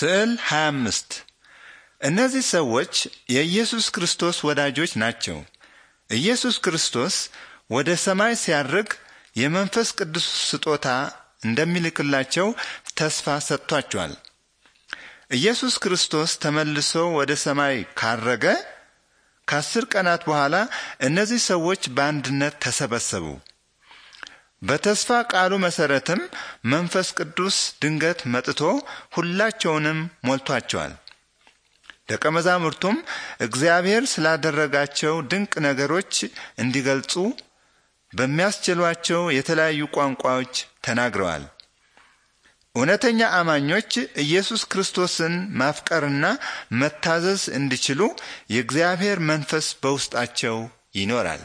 ስዕል 25 እነዚህ ሰዎች የኢየሱስ ክርስቶስ ወዳጆች ናቸው። ኢየሱስ ክርስቶስ ወደ ሰማይ ሲያርግ የመንፈስ ቅዱስ ስጦታ እንደሚልክላቸው ተስፋ ሰጥቷቸዋል። ኢየሱስ ክርስቶስ ተመልሶ ወደ ሰማይ ካረገ ከአስር ቀናት በኋላ እነዚህ ሰዎች በአንድነት ተሰበሰቡ። በተስፋ ቃሉ መሰረትም መንፈስ ቅዱስ ድንገት መጥቶ ሁላቸውንም ሞልቷቸዋል። ደቀ መዛሙርቱም እግዚአብሔር ስላደረጋቸው ድንቅ ነገሮች እንዲገልጹ በሚያስችሏቸው የተለያዩ ቋንቋዎች ተናግረዋል። እውነተኛ አማኞች ኢየሱስ ክርስቶስን ማፍቀርና መታዘዝ እንዲችሉ የእግዚአብሔር መንፈስ በውስጣቸው ይኖራል።